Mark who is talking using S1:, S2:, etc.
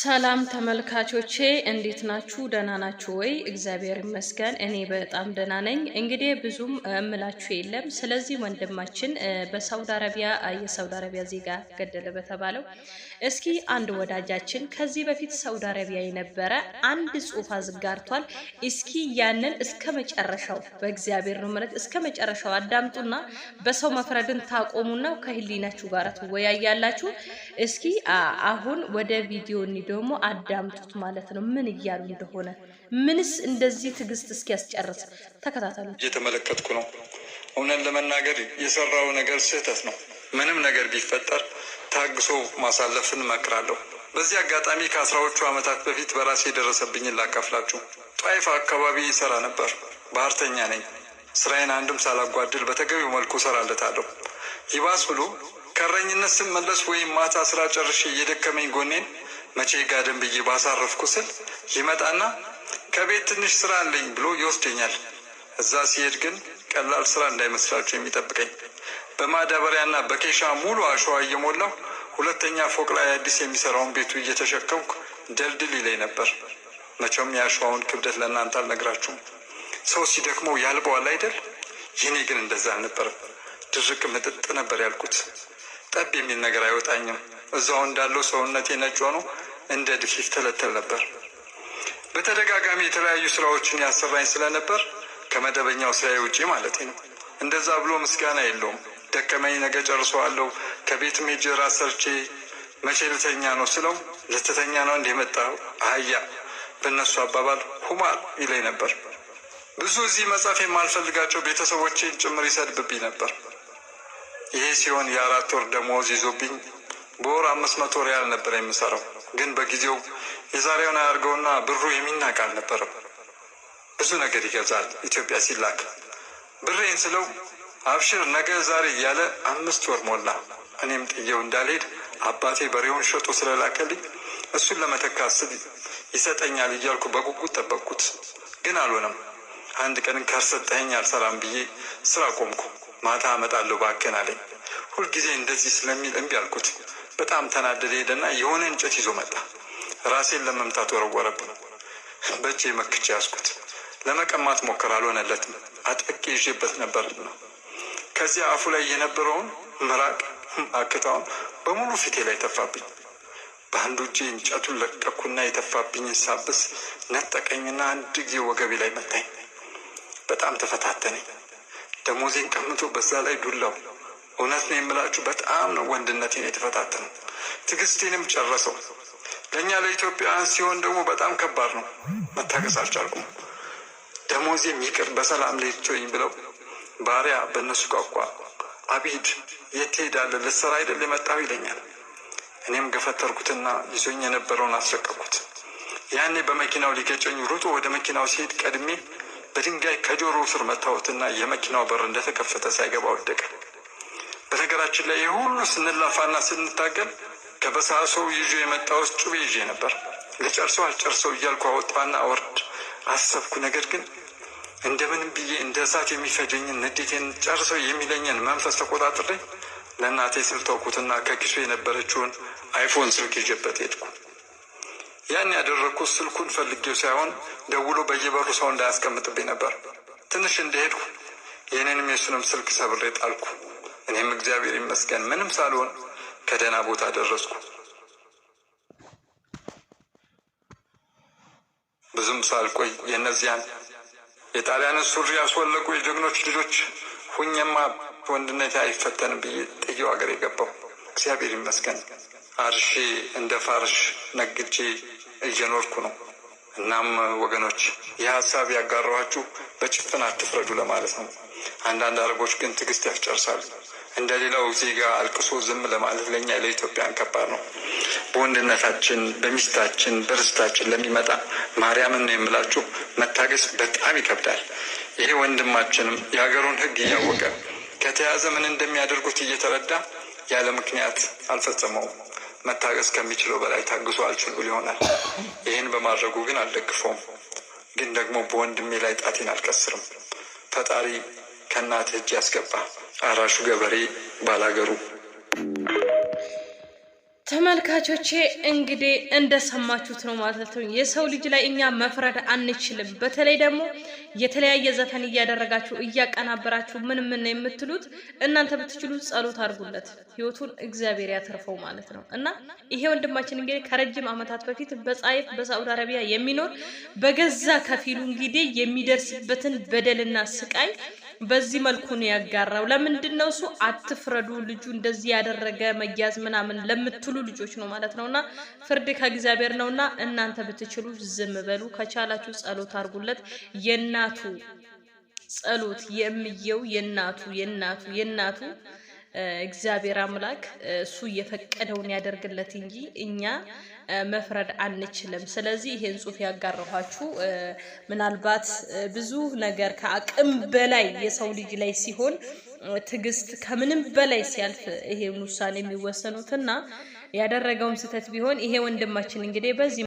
S1: ሰላም ተመልካቾቼ እንዴት ናችሁ? ደህና ናችሁ ወይ? እግዚአብሔር ይመስገን እኔ በጣም ደህና ነኝ። እንግዲህ ብዙም እምላችሁ የለም። ስለዚህ ወንድማችን በሳውዲ አረቢያ የሳውዲ አረቢያ ዜጋ ገደለ በተባለው እስኪ አንድ ወዳጃችን ከዚህ በፊት ሳውዲ አረቢያ የነበረ አንድ ጽሑፍ አዝጋርቷል። እስኪ ያንን እስከ መጨረሻው በእግዚአብሔር ነው ማለት እስከ መጨረሻው አዳምጡና በሰው መፍረድን ታቆሙና ከህሊናችሁ ጋር ትወያያላችሁ። እስኪ አሁን ወደ ቪዲዮ ደግሞ አዳምጡት ማለት ነው፣ ምን እያሉ እንደሆነ ምንስ እንደዚህ ትዕግስት እስኪያስጨርስ ተከታተሉ።
S2: እየተመለከትኩ ነው። እውነት ለመናገር የሰራው ነገር ስህተት ነው። ምንም ነገር ቢፈጠር ታግሶ ማሳለፍን እመክራለሁ። በዚህ አጋጣሚ ከአስራዎቹ ዓመታት በፊት በራሴ የደረሰብኝን ላካፍላችሁ። ጧይፍ አካባቢ ይሰራ ነበር። ባህርተኛ ነኝ። ስራዬን አንድም ሳላጓድል በተገቢው መልኩ እሰራለታለሁ። ይባስ ብሎ ከረኝነት ስመለስ ወይም ማታ ስራ ጨርሼ እየደከመኝ ጎኔን መቼ ጋደም ብዬ ባሳረፍኩ ስል ይመጣና ከቤት ትንሽ ስራ አለኝ ብሎ ይወስደኛል። እዛ ሲሄድ ግን ቀላል ስራ እንዳይመስላችሁ የሚጠብቀኝ በማዳበሪያና በኬሻ ሙሉ አሸዋ እየሞላሁ ሁለተኛ ፎቅ ላይ አዲስ የሚሰራውን ቤቱ እየተሸከምኩ ደልድል ይለኝ ነበር። መቼም የአሸዋውን ክብደት ለእናንተ አልነግራችሁም። ሰው ሲደክመው ያልበዋል አይደል? ይህኔ ግን እንደዛ አልነበረም። ድርቅ ምጥጥ ነበር ያልኩት። ጠብ የሚል ነገር አይወጣኝም። እዛው እንዳለው ሰውነቴ ነጭ ሆኖ እንደ ድፊት ተለተል ነበር። በተደጋጋሚ የተለያዩ ስራዎችን ያሰራኝ ስለነበር ከመደበኛው ስራ ውጪ ማለት ነው። እንደዛ ብሎ ምስጋና የለውም። ደከመኝ፣ ነገ ጨርሰዋለሁ፣ ከቤት ሄጄ ሰርቼ መቼ ልተኛ ነው ስለው ልትተኛ ነው እንዲህ አህያ፣ በእነሱ አባባል ሁማል ይለኝ ነበር። ብዙ እዚህ መጻፍ የማልፈልጋቸው ቤተሰቦቼን ጭምር ይሰድብብኝ ነበር። ይሄ ሲሆን የአራት ወር ደሞዝ ይዞብኝ በወር አምስት መቶ ሪያል ነበር የምሰራው። ግን በጊዜው የዛሬውን አያርገውና ብሩ የሚናቅ አልነበረም። ብዙ ነገር ይገዛል ኢትዮጵያ ሲላክ ብሬን ስለው አብሽር ነገ ዛሬ እያለ አምስት ወር ሞላ። እኔም ጥየው እንዳልሄድ አባቴ በሬውን ሸጦ ስለላከልኝ እሱን ለመተካት ስል ይሰጠኛል እያልኩ በጉጉት ጠበቅኩት። ግን አልሆነም። አንድ ቀን ካልሰጠኸኝ አልሰራም ብዬ ስራ ቆምኩ። ማታ አመጣለሁ ባክን አለኝ። ሁልጊዜ እንደዚህ ስለሚል እምቢ አልኩት። በጣም ተናደደ። ሄደና የሆነ እንጨት ይዞ መጣ። ራሴን ለመምታት ወረወረብን በእጅ መክቼ ያዝኩት። ለመቀማት ሞከር፣ አልሆነለትም። አጠቅ ይዤበት ነበር። ከዚያ አፉ ላይ የነበረውን ምራቅ አክታውን በሙሉ ፊቴ ላይ ተፋብኝ። በአንዱ እጄ እንጨቱን ለቀኩና የተፋብኝን ሳብስ ነጠቀኝና አንድ ጊዜ ወገቤ ላይ መታኝ። በጣም ተፈታተነኝ። ደሞዜን ቀምቶ በዛ ላይ ዱላው እውነት ነው የምላችሁ፣ በጣም ነው ወንድነቴን የተፈታተነ ትግስቴንም ጨረሰው። ለእኛ ለኢትዮጵያውያን ሲሆን ደግሞ በጣም ከባድ ነው። መታገስ አልቻልኩም። ደሞዜም ይቅር በሰላም ሌቶኝ ብለው ባሪያ በእነሱ ቋቋ አቢድ የት ትሄዳለህ? ልትሰራ አይደል የመጣው ይለኛል። እኔም ገፈተርኩትና ይዞኝ የነበረውን አስለቀኩት ያኔ በመኪናው ሊገጨኝ ሩጦ ወደ መኪናው ሲሄድ ቀድሜ በድንጋይ ከጆሮው ስር መታወትና የመኪናው በር እንደተከፈተ ሳይገባ ወደቀ። በነገራችን ላይ የሁሉ ስንላፋና ስንታገል ከበሳሰው ይዤ የመጣሁት ጩቤ ይዤ ነበር። ልጨርሰው አልጨርሰው እያልኩ አወጣና አወርድ አሰብኩ። ነገር ግን እንደምንም ብዬ እንደ እሳት የሚፈጀኝን ንዴቴን ጨርሰው የሚለኝን መንፈስ ተቆጣጥሬ ለእናቴ ስል ተውኩትና ከኪሱ የነበረችውን አይፎን ስልክ ይዤበት ሄድኩ። ያን ያደረግኩት ስልኩን ፈልጌው ሳይሆን ደውሎ በየበሩ ሰው እንዳያስቀምጥብኝ ነበር። ትንሽ እንደሄድኩ የእኔንም የሱንም ስልክ ሰብሬ ጣልኩ። እኔም እግዚአብሔር ይመስገን ምንም ሳልሆን ከደህና ቦታ ደረስኩ። ብዙም ሳልቆይ የእነዚያን የጣሊያንን ሱሪ ያስወለቁ የጀግኖች ልጆች ሁኝማ ወንድነት አይፈተንም ብዬ ጥየው ሀገር የገባው እግዚአብሔር ይመስገን አርሼ እንደ ፋርሽ ነግጄ እየኖርኩ ነው። እናም ወገኖች ይህ ሀሳብ ያጋራኋችሁ በጭፍን አትፍረዱ ለማለት ነው። አንዳንድ አረቦች ግን ትዕግስት ያስጨርሳሉ። እንደ ሌላው ዜጋ አልቅሶ ዝም ለማለት ለኛ ለኢትዮጵያን ከባድ ነው። በወንድነታችን፣ በሚስታችን፣ በርስታችን ለሚመጣ ማርያምን ነው የምላችሁ መታገስ በጣም ይከብዳል። ይሄ ወንድማችንም የሀገሩን ሕግ እያወቀ ከተያዘ ምን እንደሚያደርጉት እየተረዳ ያለ ምክንያት አልፈጸመውም። መታገስ ከሚችለው በላይ ታግሶ አልችሉ ይሆናል። ይህን በማድረጉ ግን አልደግፈውም። ግን ደግሞ በወንድሜ ላይ ጣቴን አልቀስርም። ፈጣሪ ከእናት እጅ ያስገባ። አራሹ ገበሬ ባላገሩ።
S1: ተመልካቾቼ እንግዲህ እንደሰማችሁት ነው ማለት ነው። የሰው ልጅ ላይ እኛ መፍረድ አንችልም። በተለይ ደግሞ የተለያየ ዘፈን እያደረጋችሁ እያቀናበራችሁ ምን ምን የምትሉት እናንተ ብትችሉ ጸሎት አድርጉለት፣ ህይወቱን እግዚአብሔር ያተርፈው ማለት ነው እና ይሄ ወንድማችን እንግዲህ ከረጅም ዓመታት በፊት በጻይፍ በሳውዲ አረቢያ የሚኖር በገዛ ከፊሉ እንግዲህ የሚደርስበትን በደልና ስቃይ በዚህ መልኩ ነው ያጋራው። ለምንድን ነው እሱ አትፍረዱ፣ ልጁ እንደዚህ ያደረገ መያዝ ምናምን ለምትሉ ልጆች ነው ማለት ነው። እና ፍርድ ከእግዚአብሔር ነው እና እናንተ ብትችሉ ዝም በሉ። ከቻላችሁ ጸሎት አድርጉለት። የእናቱ ጸሎት የምየው የእናቱ የእናቱ የእናቱ እግዚአብሔር አምላክ እሱ እየፈቀደውን ያደርግለት እንጂ እኛ መፍረድ አንችልም። ስለዚህ ይሄን ጽሁፍ ያጋረኋችሁ ምናልባት ብዙ ነገር ከአቅም በላይ የሰው ልጅ ላይ ሲሆን ትዕግስት ከምንም በላይ ሲያልፍ ይሄን ውሳኔ የሚወሰኑትና ያደረገውም ስህተት ቢሆን ይሄ ወንድማችን እንግዲህ በዚህ